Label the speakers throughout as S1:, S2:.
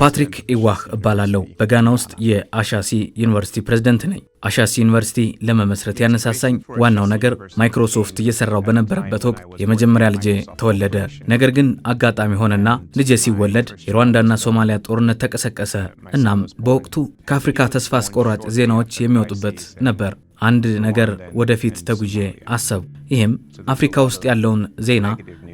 S1: ፓትሪክ ኢዋህ እባላለሁ። በጋና ውስጥ የአሻሲ ዩኒቨርሲቲ ፕሬዝደንት ነኝ። አሻሲ ዩኒቨርሲቲ ለመመስረት ያነሳሳኝ ዋናው ነገር ማይክሮሶፍት እየሰራው በነበረበት ወቅት የመጀመሪያ ልጄ ተወለደ። ነገር ግን አጋጣሚ ሆነና ልጄ ሲወለድ የሩዋንዳና ሶማሊያ ጦርነት ተቀሰቀሰ። እናም በወቅቱ ከአፍሪካ ተስፋ አስቆራጭ ዜናዎች የሚወጡበት ነበር። አንድ ነገር ወደፊት ተጉዤ አሰብ። ይህም አፍሪካ ውስጥ ያለውን ዜና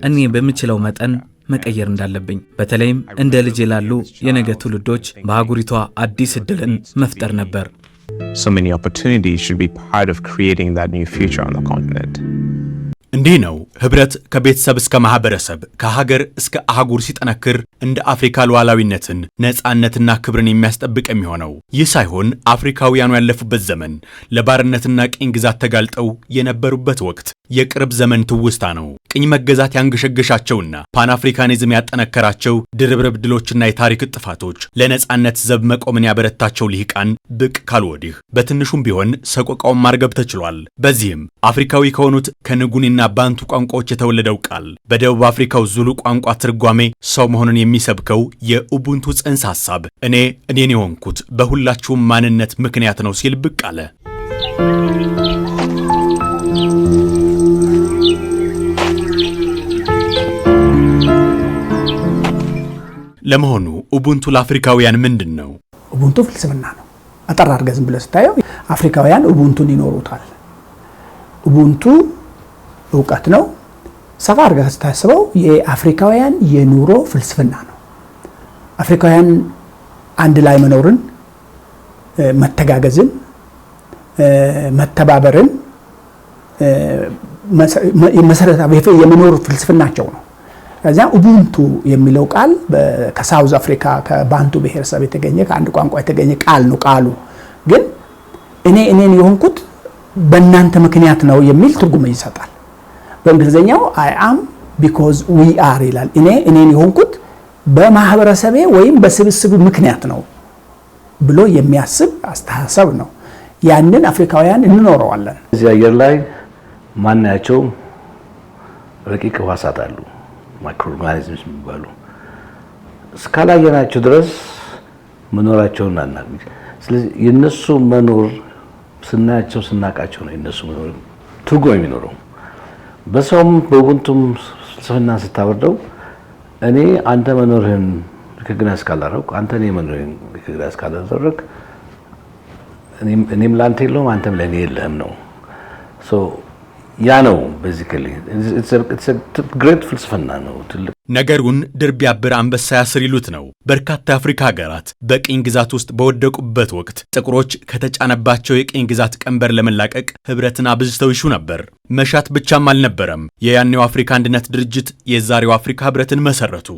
S1: እኔ በምችለው መጠን መቀየር እንዳለብኝ በተለይም እንደ ልጄ ላሉ የነገ ትውልዶች በአህጉሪቷ አዲስ እድልን መፍጠር ነበር። እንዲህ ነው ህብረት ከቤተሰብ እስከ ማህበረሰብ ከሀገር እስከ አህጉር ሲጠነክር እንደ አፍሪካ ሉዓላዊነትን ነፃነትና ክብርን የሚያስጠብቅ የሚሆነው። ይህ ሳይሆን አፍሪካውያኑ ያለፉበት ዘመን ለባርነትና ቅኝ ግዛት ተጋልጠው የነበሩበት ወቅት የቅርብ ዘመን ትውስታ ነው። ቅኝ መገዛት ያንገሸገሻቸውና ፓንአፍሪካኒዝም አፍሪካኒዝም ያጠነከራቸው ድርብርብ ድሎችና የታሪክ ጥፋቶች ለነፃነት ዘብ መቆምን ያበረታቸው ልሂቃን ብቅ ካሉ ወዲህ በትንሹም ቢሆን ሰቆቃውን ማርገብ ተችሏል። በዚህም አፍሪካዊ ከሆኑት ከንጉኔና በማሊና ባንቱ ቋንቋዎች የተወለደው ቃል በደቡብ አፍሪካው ዙሉ ቋንቋ ትርጓሜ ሰው መሆኑን የሚሰብከው የኡቡንቱ ጽንሰ ሐሳብ እኔ እኔን የሆንኩት በሁላችሁም ማንነት ምክንያት ነው ሲል ብቅ አለ። ለመሆኑ ኡቡንቱ ለአፍሪካውያን ምንድን ነው?
S2: ኡቡንቱ ፍልስፍና ነው። አጠራ አድርገህ ዝም ብለህ ስታየው አፍሪካውያን ኡቡንቱን ይኖሩታል። ኡቡንቱ እውቀት ነው። ሰፋ አድርጋ ስታስበው የአፍሪካውያን የኑሮ ፍልስፍና ነው። አፍሪካውያን አንድ ላይ መኖርን፣ መተጋገዝን፣ መተባበርን መሰረታዊ የመኖር ፍልስፍናቸው ነው። ከዚያ ኡቡንቱ የሚለው ቃል ከሳውዝ አፍሪካ ከባንቱ ብሔረሰብ የተገኘ ከአንድ ቋንቋ የተገኘ ቃል ነው። ቃሉ ግን እኔ እኔን የሆንኩት በእናንተ ምክንያት ነው የሚል ትርጉም ይሰጣል። በእንግሊዝኛው አይ አም ቢኮዝ ዊ አር ይላል። እኔ እኔን የሆንኩት በማህበረሰቤ ወይም በስብስቡ ምክንያት ነው ብሎ የሚያስብ አስተሳሰብ ነው። ያንን አፍሪካውያን እንኖረዋለን።
S3: እዚህ አየር ላይ ማናያቸው ረቂቅ ህዋሳት አሉ፣ ማይክሮኦርጋኒዝምስ የሚባሉ እስካላየናቸው ድረስ መኖራቸውን አናውቅም። ስለዚህ የእነሱ መኖር ስናያቸው ስናውቃቸው ነው የነሱ መኖር ትርጉም የሚኖረው። በሰውም በቡንቱም ፍልስፍና ስታወርደው እኔ አንተ መኖርህን ሪኮግናይዝ እስካላረኩ አንተ እኔ መኖርህን ሪኮግናይዝ እስካላደረግ እኔም ለአንተ የለውም አንተም ለእኔ የለህም ነው። ያ ነው ቤዚካሊ ግሬት ፍልስፍና ነው። ትልቅ
S1: ነገሩን ድር ቢያብር አንበሳ ያስር ይሉት ነው። በርካታ የአፍሪካ ሀገራት በቅኝ ግዛት ውስጥ በወደቁበት ወቅት ጥቁሮች ከተጫነባቸው የቅኝ ግዛት ቀንበር ለመላቀቅ ህብረትን አብዝተው ይሹ ነበር። መሻት ብቻም አልነበረም። የያኔው አፍሪካ አንድነት ድርጅት የዛሬው አፍሪካ ህብረትን መሰረቱ።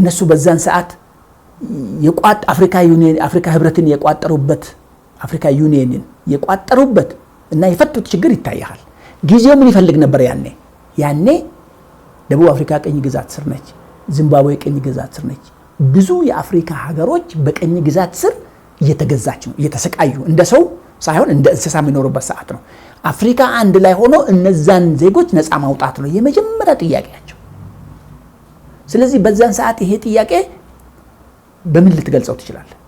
S4: እነሱ በዛን ሰዓት የቋጥ አፍሪካ ዩኒየን አፍሪካ ህብረትን የቋጠሩበት አፍሪካ ዩኒየንን የቋጠሩበት እና የፈቱት ችግር ይታያል። ጊዜው ምን ይፈልግ ነበር? ያኔ ያኔ ደቡብ አፍሪካ ቅኝ ግዛት ስር ነች። ዚምባብዌ ቅኝ ግዛት ስር ነች። ብዙ የአፍሪካ ሀገሮች በቅኝ ግዛት ስር እየተገዛች ነው፣ እየተሰቃዩ እንደ ሰው ሳይሆን እንደ እንስሳ የሚኖሩበት ሰዓት ነው። አፍሪካ አንድ ላይ ሆኖ እነዛን ዜጎች ነፃ ማውጣት ነው የመጀመሪያ ጥያቄያቸው። ስለዚህ በዛን ሰዓት ይሄ ጥያቄ በምን ልትገልጸው ትችላለህ?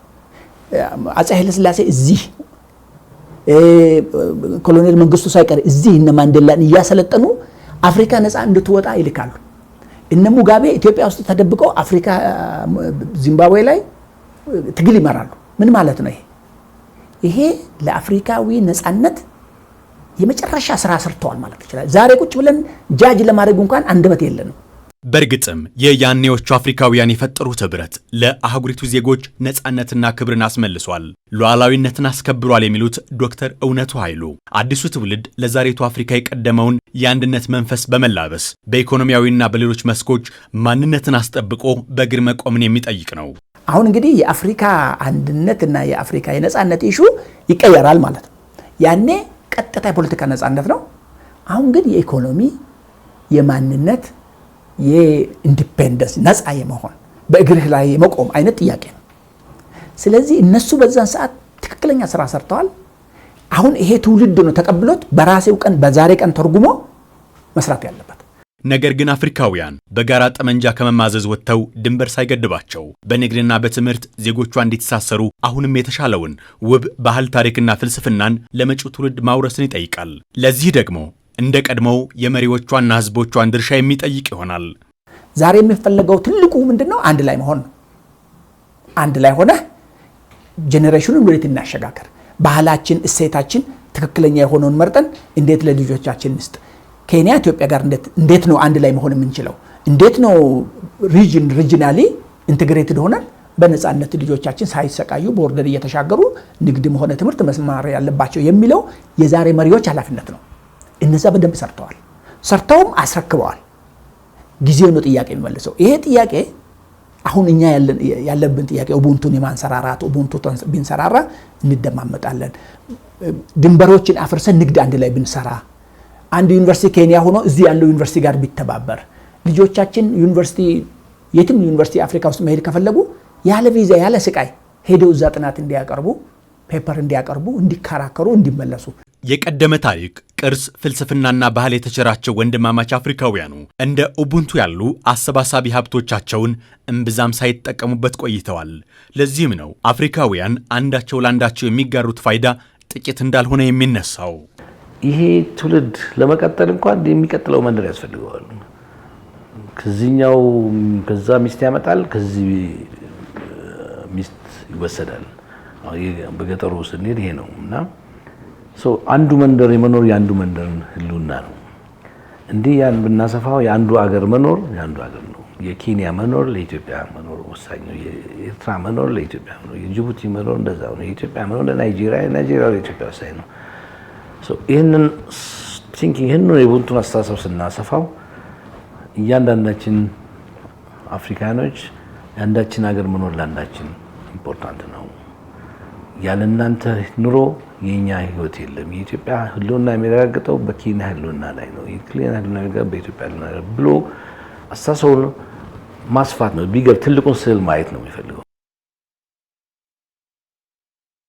S4: አፄ ኃይለስላሴ እዚህ ኮሎኔል መንግስቱ ሳይቀር እዚህ እነ ማንዴላን እያሰለጠኑ አፍሪካ ነፃ እንድትወጣ ይልካሉ። እነ ሙጋቤ ኢትዮጵያ ውስጥ ተደብቀው አፍሪካ ዚምባብዌ ላይ ትግል ይመራሉ። ምን ማለት ነው ይሄ? ይሄ ለአፍሪካዊ ነፃነት የመጨረሻ ስራ ሰርተዋል ማለት ይችላል። ዛሬ ቁጭ ብለን ጃጅ ለማድረግ እንኳን አንደበት የለንም።
S1: በእርግጥም የያኔዎቹ አፍሪካውያን የፈጠሩት ኅብረት ለአህጉሪቱ ዜጎች ነፃነትና ክብርን አስመልሷል፣ ሉዓላዊነትን አስከብሯል የሚሉት ዶክተር እውነቱ ኃይሉ አዲሱ ትውልድ ለዛሬቱ አፍሪካ የቀደመውን የአንድነት መንፈስ በመላበስ በኢኮኖሚያዊና በሌሎች መስኮች ማንነትን አስጠብቆ በእግር መቆምን የሚጠይቅ ነው።
S4: አሁን እንግዲህ የአፍሪካ አንድነትና የአፍሪካ የነጻነት ኢሹ ይቀየራል ማለት ነው። ያኔ ቀጥታ የፖለቲካ ነፃነት ነው። አሁን ግን የኢኮኖሚ የማንነት የኢንዲፔንደንስ ነፃ የመሆን በእግርህ ላይ የመቆም አይነት ጥያቄ ነው። ስለዚህ እነሱ በዛን ሰዓት ትክክለኛ ስራ ሰርተዋል። አሁን ይሄ ትውልድ ነው ተቀብሎት በራሴው ቀን በዛሬ ቀን ተርጉሞ መስራት ያለበት።
S1: ነገር ግን አፍሪካውያን በጋራ ጠመንጃ ከመማዘዝ ወጥተው ድንበር ሳይገድባቸው በንግድና በትምህርት ዜጎቿ እንዲተሳሰሩ አሁንም የተሻለውን ውብ ባህል ታሪክና ፍልስፍናን ለመጪው ትውልድ ማውረስን ይጠይቃል። ለዚህ ደግሞ እንደ ቀድሞው የመሪዎቿና ህዝቦቿን ድርሻ የሚጠይቅ ይሆናል።
S4: ዛሬ የሚፈለገው ትልቁ ምንድን ነው? አንድ ላይ መሆን ነው። አንድ ላይ ሆነ ጄኔሬሽኑን ወዴት እናሸጋገር፣ ባህላችን፣ እሴታችን ትክክለኛ የሆነውን መርጠን እንዴት ለልጆቻችን ንስጥ፣ ኬንያ ኢትዮጵያ ጋር እንዴት ነው አንድ ላይ መሆን የምንችለው? እንዴት ነው ሪጅን ሪጅናሊ ኢንትግሬትድ ሆነን በነፃነት ልጆቻችን ሳይሰቃዩ ቦርደር እየተሻገሩ ንግድም ሆነ ትምህርት መስማር ያለባቸው የሚለው የዛሬ መሪዎች ኃላፊነት ነው። እነዛ በደንብ ሰርተዋል፣ ሰርተውም አስረክበዋል። ጊዜው ነው ጥያቄ የሚመልሰው። ይሄ ጥያቄ አሁን እኛ ያለብን ጥያቄ ኡቡንቱን የማንሰራራት ኡቡንቱ ቢንሰራራ እንደማመጣለን። ድንበሮችን አፍርሰን ንግድ አንድ ላይ ብንሰራ፣ አንድ ዩኒቨርሲቲ ኬንያ ሆኖ እዚህ ያለው ዩኒቨርሲቲ ጋር ቢተባበር፣ ልጆቻችን ዩኒቨርሲቲ የትም ዩኒቨርሲቲ አፍሪካ ውስጥ መሄድ ከፈለጉ ያለ ቪዛ ያለ ስቃይ ሄደው እዛ ጥናት እንዲያቀርቡ ፔፐር እንዲያቀርቡ፣ እንዲከራከሩ፣ እንዲመለሱ
S1: የቀደመ ታሪክ ቅርስ ፍልስፍናና ባህል የተቸራቸው ወንድማማች አፍሪካውያኑ እንደ ኡቡንቱ ያሉ አሰባሳቢ ሀብቶቻቸውን እምብዛም ሳይጠቀሙበት ቆይተዋል። ለዚህም ነው አፍሪካውያን አንዳቸው ለአንዳቸው የሚጋሩት ፋይዳ ጥቂት እንዳልሆነ የሚነሳው።
S3: ይሄ ትውልድ ለመቀጠል እንኳን የሚቀጥለው መንደር ያስፈልገዋል። ከዚህኛው ከዛ ሚስት ያመጣል፣ ከዚህ ሚስት ይወሰዳል። በገጠሩ ስንሄድ ይሄ ነው እና አንዱ መንደር የመኖር የአንዱ መንደር ህልውና ነው። እንዲህ ያን ብናሰፋው የአንዱ አገር መኖር የአንዱ አገር ነው። የኬንያ መኖር ለኢትዮጵያ መኖር ወሳኝ ነው። የኤርትራ መኖር ለኢትዮጵያ መኖር፣ የጅቡቲ መኖር እንደዛ ነው። የኢትዮጵያ መኖር ለናይጄሪያ፣ የናይጄሪያ ለኢትዮጵያ ወሳኝ ነው። ይህንን ቲንኪንግ ይህንን የቡንቱን አስተሳሰብ ስናሰፋው እያንዳንዳችን አፍሪካኖች የአንዳችን ሀገር መኖር ለአንዳችን ኢምፖርታንት ነው። ያለ እናንተ ኑሮ የኛ ህይወት የለም። የኢትዮጵያ ህልውና የሚረጋግጠው በኬንያ ህልውና ላይ ነው። የኬንያ ህልውና የሚረጋግጠው በኢትዮጵያ ህልውና ብሎ አስተሳሰቡን ማስፋት ነው። ቢገር ትልቁን ስዕል ማየት ነው የሚፈልገው።